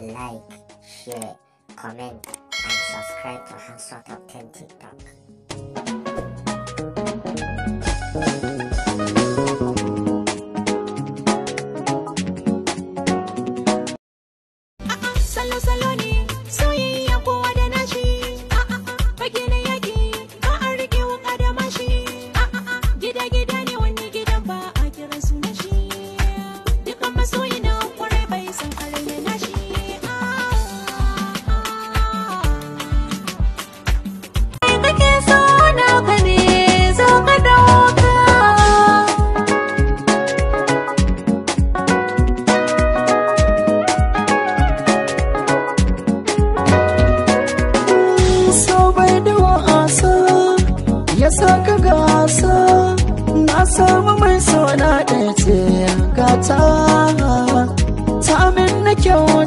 like, share, comment, and subscribe to Hangshot Top 10 TikTok. sabai bai da wasa ya saka gasa na samu mai sona ɗaya ce gata ta min na kyau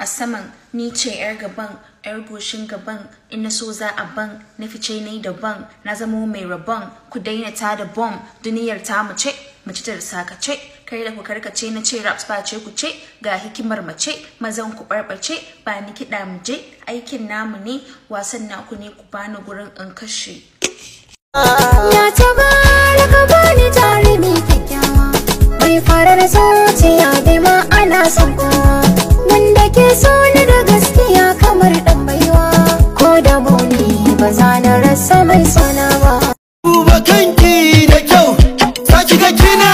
a saman ni ce yar gaban yar goshin gaban in so za a ban na fice ne da ban na zamo mai rabon ku daina ta da bom duniyar ta mace mace ta saka ce kai da ku karkace na ce raps ba ce ku ce ga hikimar mace mazan ku barbace ba ni kiɗa mu je aikin namu ne wasan naku ne ku bani gurin in kashe ya ta ba so ni da gaskiya kamar dan baiwa ko da muni ba za na rasa mai sona ba. Duba kanki da kyau, ta ga kina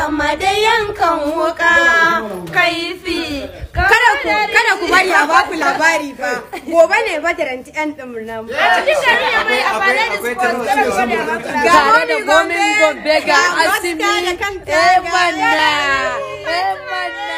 sama da yankan wuka kaifi kada ku bari a baku labari ba gobe ne badaran ti yan dimir na a cikin gari ya mai a bare da sports ga da gomin gobe ga asimi eh banna eh banna